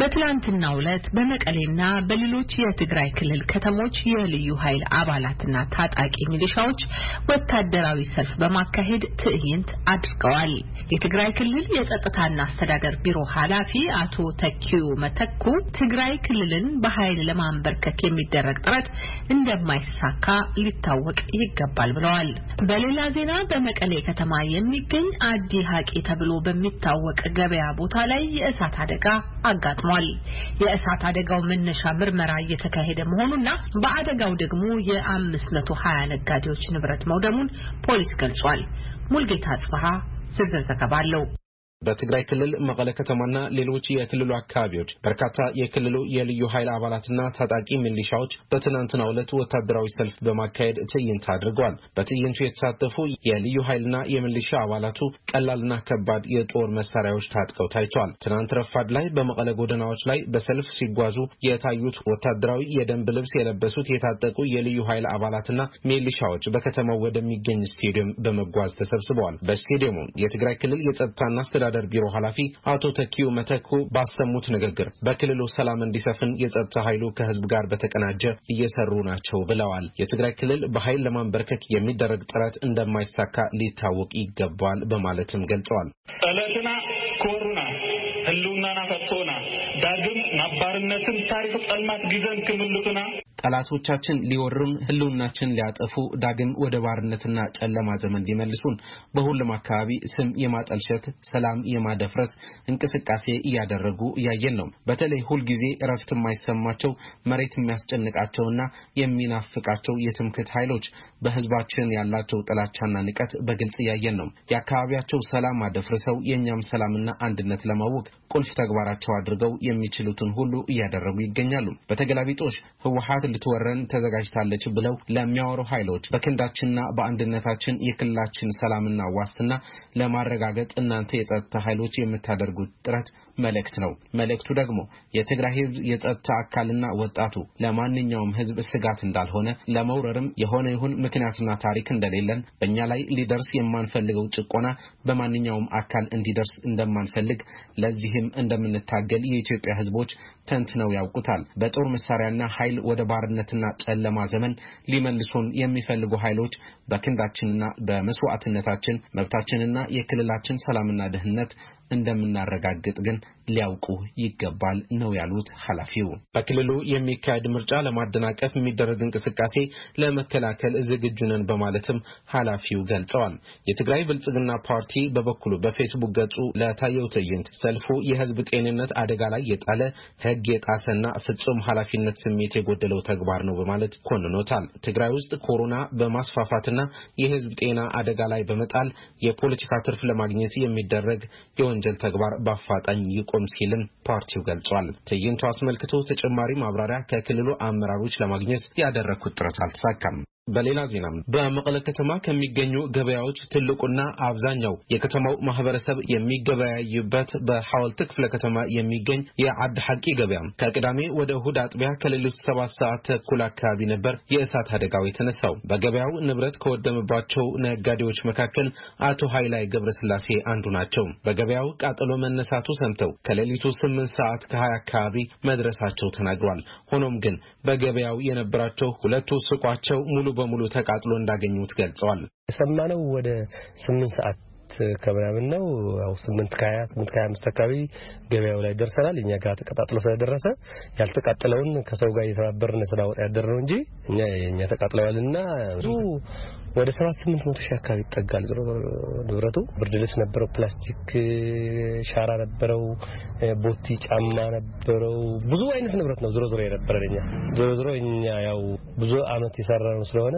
በትላንትናው ዕለት በመቀሌና በሌሎች የትግራይ ክልል ከተሞች የልዩ ኃይል አባላትና ታጣቂ ሚሊሻዎች ወታደራዊ ሰልፍ በማካሄድ ትዕይንት አድርገዋል። የትግራይ ክልል የጸጥታና አስተዳደር ቢሮ ኃላፊ አቶ ተኪዩ መተኩ ትግራይ ክልልን በኃይል ለማንበርከክ የሚደረግ ጥረት እንደማይሳካ ሊታወቅ ይገባል ብለዋል። በሌላ ዜና በመቀሌ ከተማ የሚገኝ አዲ ሀቂ ተብሎ በሚታወቅ ገበያ ቦታ ላይ የእሳት አደጋ አጋጥሟል። ተጠቁሟል። የእሳት አደጋው መነሻ ምርመራ እየተካሄደ መሆኑና በአደጋው ደግሞ የ ሀያ ነጋዴዎች ንብረት መውደሙን ፖሊስ ገልጿል። ሙልጌታ ጽበሃ ዝርዝር ዘገባ አለው። በትግራይ ክልል መቀለ ከተማና ሌሎች የክልሉ አካባቢዎች በርካታ የክልሉ የልዩ ኃይል አባላትና ታጣቂ ሚሊሻዎች በትናንትናው ዕለት ወታደራዊ ሰልፍ በማካሄድ ትዕይንት አድርገዋል። በትዕይንቱ የተሳተፉ የልዩ ኃይልና የሚሊሻ አባላቱ ቀላልና ከባድ የጦር መሳሪያዎች ታጥቀው ታይተዋል። ትናንት ረፋድ ላይ በመቀለ ጎደናዎች ላይ በሰልፍ ሲጓዙ የታዩት ወታደራዊ የደንብ ልብስ የለበሱት የታጠቁ የልዩ ኃይል አባላትና ሚሊሻዎች በከተማው ወደሚገኝ ስቴዲየም በመጓዝ ተሰብስበዋል። በስቴዲየሙ የትግራይ ክልል የጸጥታና አስተዳደር ቢሮ ኃላፊ አቶ ተኪዮ መተኩ ባሰሙት ንግግር በክልሉ ሰላም እንዲሰፍን የጸጥታ ኃይሉ ከህዝብ ጋር በተቀናጀ እየሰሩ ናቸው ብለዋል። የትግራይ ክልል በኃይል ለማንበርከክ የሚደረግ ጥረት እንደማይሳካ ሊታወቅ ይገባል በማለትም ገልጸዋል። ጸለትና ኮሩና ህልውናና ፈጥሶና ዳግም ናባርነትን ታሪክ ጸልማት ግዘን ክምልሱና ጠላቶቻችን ሊወሩን፣ ህልውናችን ሊያጠፉ፣ ዳግም ወደ ባርነትና ጨለማ ዘመን ሊመልሱን በሁሉም አካባቢ ስም የማጠልሸት ሰላም የማደፍረስ እንቅስቃሴ እያደረጉ እያየን ነው። በተለይ ሁልጊዜ እረፍት የማይሰማቸው መሬት የሚያስጨንቃቸውና የሚናፍቃቸው የትምክህት ኃይሎች በህዝባችን ያላቸው ጥላቻና ንቀት በግልጽ እያየን ነው። የአካባቢያቸው ሰላም አደፍርሰው የእኛም ሰላምና አንድነት ለማወቅ ቁልፍ ተግባራቸው አድርገው የሚችሉትን ሁሉ እያደረጉ ይገኛሉ። በተገላቢጦሽ ህወሀት እንድትወረን ተዘጋጅታለች ብለው ለሚያወሩ ኃይሎች በክንዳችንና በአንድነታችን የክልላችን ሰላምና ዋስትና ለማረጋገጥ እናንተ የጸጥታ ኃይሎች የምታደርጉት ጥረት መልእክት ነው። መልእክቱ ደግሞ የትግራይ ህዝብ የጸጥታ አካልና ወጣቱ ለማንኛውም ህዝብ ስጋት እንዳልሆነ ለመውረርም የሆነ ይሁን ምክንያትና ታሪክ እንደሌለን በእኛ ላይ ሊደርስ የማንፈልገው ጭቆና በማንኛውም አካል እንዲደርስ እንደማንፈልግ ለዚህም እንደምንታገል የኢትዮጵያ ህዝቦች ተንትነው ያውቁታል። በጦር መሳሪያና ኃይል ወደ ባርነትና ጨለማ ዘመን ሊመልሱን የሚፈልጉ ኃይሎች በክንዳችንና በመስዋዕትነታችን መብታችንና የክልላችን ሰላምና ደህንነት እንደምናረጋግጥ ግን ሊያውቁ ይገባል ነው ያሉት ኃላፊው። በክልሉ የሚካሄድ ምርጫ ለማደናቀፍ የሚደረግ እንቅስቃሴ ለመከላከል ዝግጁ ነን በማለትም ኃላፊው ገልጸዋል። የትግራይ ብልጽግና ፓርቲ በበኩሉ በፌስቡክ ገጹ ለታየው ትዕይንት ሰልፉ የህዝብ ጤንነት አደጋ ላይ የጣለ ህግ የጣሰና ፍጹም ኃላፊነት ስሜት የጎደለው ተግባር ነው በማለት ኮንኖታል። ትግራይ ውስጥ ኮሮና በማስፋፋትና የህዝብ ጤና አደጋ ላይ በመጣል የፖለቲካ ትርፍ ለማግኘት የሚደረግ የወንጀል ተግባር በአፋጣኝ ይቁ ይቁም ሲልም ፓርቲው ገልጿል። ትዕይንቱ አስመልክቶ ተጨማሪ ማብራሪያ ከክልሉ አመራሮች ለማግኘት ያደረግኩት ጥረት አልተሳካም። በሌላ ዜናም በመቀለ ከተማ ከሚገኙ ገበያዎች ትልቁና አብዛኛው የከተማው ማህበረሰብ የሚገበያይበት በሐወልት ክፍለ ከተማ የሚገኝ የአድ ሐቂ ገበያ ከቅዳሜ ወደ እሁድ አጥቢያ ከሌሎች ሰባት ሰዓት ተኩል አካባቢ ነበር የእሳት አደጋው የተነሳው። በገበያው ንብረት ከወደመባቸው ነጋዴዎች መካከል አቶ ኃይላይ ገብረስላሴ አንዱ ናቸው። በገበያው ቃጠሎ መነሳቱ ሰምተው ከሌሊቱ ስምንት ሰዓት ከሀያ አካባቢ መድረሳቸው ተናግሯል። ሆኖም ግን በገበያው የነበራቸው ሁለቱ ሱቋቸው ሙሉ በሙሉ ተቃጥሎ እንዳገኙት ገልጸዋል። የሰማነው ወደ ስምንት ሰዓት ከምናምን ነው። ያው ስምንት ከሀያ ስምንት ከሀያ አምስት አካባቢ ገበያው ላይ ደርሰናል። እኛ ጋር ተቀጣጥሎ ስለደረሰ ያልተቃጠለውን ከሰው ጋር እየተባበርን ስላወጣ ያደር ነው እንጂ እኛ የእኛ ተቃጥለዋልና ብዙ ወደ ሰባት ስምንት መቶ ሺህ አካባቢ ይጠጋል። ንብረቱ ብርድ ልብስ ነበረው፣ ፕላስቲክ ሻራ ነበረው፣ ቦቲ ጫማ ነበረው። ብዙ አይነት ንብረት ነው ዝሮ ዝሮ የነበረ ለኛ ዝሮ ዝሮ እኛ ያው ብዙ አመት የሰራ ነው ስለሆነ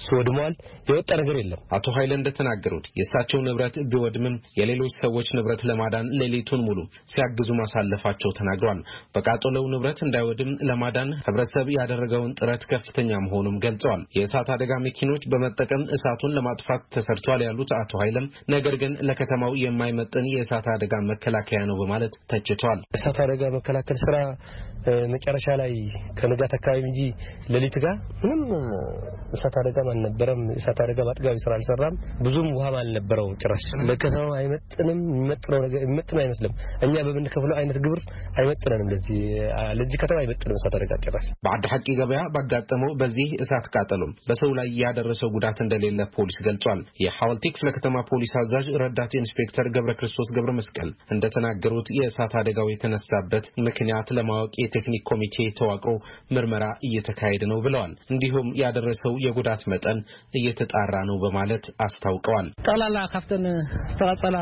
እሱ ወድመዋል። የወጣ ነገር የለም። አቶ ኃይለ እንደተናገሩት የእሳቸው ንብረት ቢወድምም የሌሎች ሰዎች ንብረት ለማዳን ሌሊቱን ሙሉ ሲያግዙ ማሳለፋቸው ተናግሯል። በቃጠለው ንብረት እንዳይወድም ለማዳን ህብረተሰብ ያደረገውን ጥረት ከፍተኛ መሆኑም ገልጸዋል። የእሳት አደጋ መኪኖች በመጠቀም በመጠቀም እሳቱን ለማጥፋት ተሰርቷል ያሉት አቶ ኃይለም ነገር ግን ለከተማው የማይመጥን የእሳት አደጋ መከላከያ ነው በማለት ተችቷል። እሳት አደጋ መከላከል ስራ መጨረሻ ላይ ከንጋት አካባቢ እንጂ ሌሊት ጋር ምንም እሳት አደጋም አልነበረም። እሳት አደጋ በአጥጋቢ ስራ አልሰራም። ብዙም ውሃም አልነበረው። ጭራሽ ለከተማው አይመጥንም። የሚመጥን አይመስልም። እኛ በምንከፍለው አይነት ግብር አይመጥነንም። ለዚህ ከተማ አይመጥንም እሳት አደጋ ጭራሽ። በአድ ሐቂ ገበያ ባጋጠመው በዚህ እሳት ቃጠሎም በሰው ላይ ያደረሰው ጉዳት እንደሌለ ፖሊስ ገልጿል። የሐዋልቲ ክፍለ ከተማ ፖሊስ አዛዥ ረዳት ኢንስፔክተር ገብረ ክርስቶስ ገብረ መስቀል እንደተናገሩት የእሳት አደጋው የተነሳበት ምክንያት ለማወቅ የቴክኒክ ኮሚቴ ተዋቅሮ ምርመራ እየተካሄደ ነው ብለዋል። እንዲሁም ያደረሰው የጉዳት መጠን እየተጣራ ነው በማለት አስታውቀዋል። ጠቅላላ ካፍተን ተቀጸላ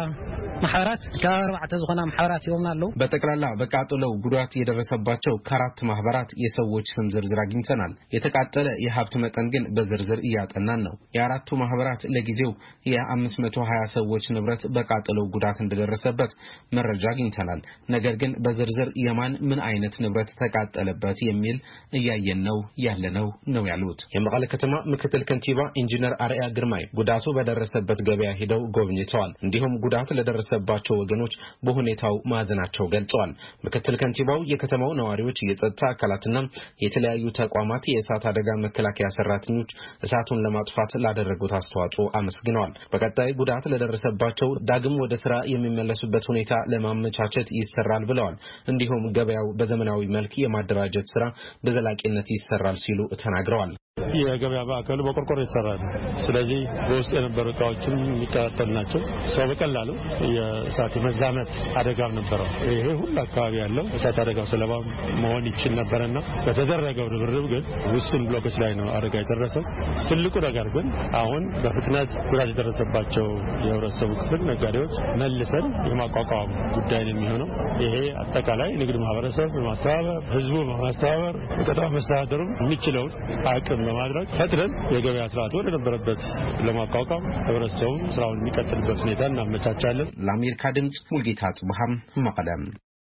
ማህበራት ከባቢ ዝኾና ማሕበራት ይቦምና ኣለው በጠቅላላ በቃጥለው ጉዳት የደረሰባቸው ከአራት ማህበራት የሰዎች ስም ዝርዝር አግኝተናል። የተቃጠለ የሀብት መጠን ግን በዝርዝር እያጠናን ነው። የአራቱ ማህበራት ለጊዜው የ520 ሰዎች ንብረት በቃጥለው ጉዳት እንደደረሰበት መረጃ አግኝተናል። ነገር ግን በዝርዝር የማን ምን አይነት ንብረት ተቃጠለበት የሚል እያየን ነው ያለ ነው ነው ያሉት የመቀለ ከተማ ምክትል ከንቲባ ኢንጂነር አርያ ግርማይ ጉዳቱ በደረሰበት ገበያ ሂደው ጎብኝተዋል። እንዲሁም ጉዳት ለደረሰ የደረሰባቸው ወገኖች በሁኔታው ማዘናቸው ገልጸዋል። ምክትል ከንቲባው የከተማው ነዋሪዎች፣ የጸጥታ አካላትና የተለያዩ ተቋማት የእሳት አደጋ መከላከያ ሰራተኞች እሳቱን ለማጥፋት ላደረጉት አስተዋጽኦ አመስግነዋል። በቀጣይ ጉዳት ለደረሰባቸው ዳግም ወደ ስራ የሚመለሱበት ሁኔታ ለማመቻቸት ይሰራል ብለዋል። እንዲሁም ገበያው በዘመናዊ መልክ የማደራጀት ስራ በዘላቂነት ይሰራል ሲሉ ተናግረዋል። የገበያ ማዕከሉ በቆርቆሮ የተሰራ ነው። ስለዚህ በውስጥ የነበሩ እቃዎችም የሚቀጣጠሉ ናቸው። ሰው በቀላሉ የእሳት መዛመት አደጋም ነበረው። ይሄ ሁሉ አካባቢ ያለው እሳት አደጋ ሰለባ መሆን ይችል ነበረና በተደረገው ርብርብ ግን ውስን ብሎኮች ላይ ነው አደጋ የደረሰው። ትልቁ ነገር ግን አሁን በፍጥነት ጉዳት የደረሰባቸው የህብረተሰቡ ክፍል ነጋዴዎች መልሰን የማቋቋም ጉዳይ ነው የሚሆነው። ይሄ አጠቃላይ ንግድ ማህበረሰብ በማስተባበር ህዝቡ በማስተባበር ከተማ መስተዳደሩ የሚችለውን አቅም በማድረግ ፈጥረን የገበያ ስርዓት ወደ ነበረበት ለማቋቋም ህብረተሰቡ ስራውን የሚቀጥልበት ሁኔታ እናመቻቻለን። ለአሜሪካ ድምፅ ሙልጌታ ጽቡሃም መቀለም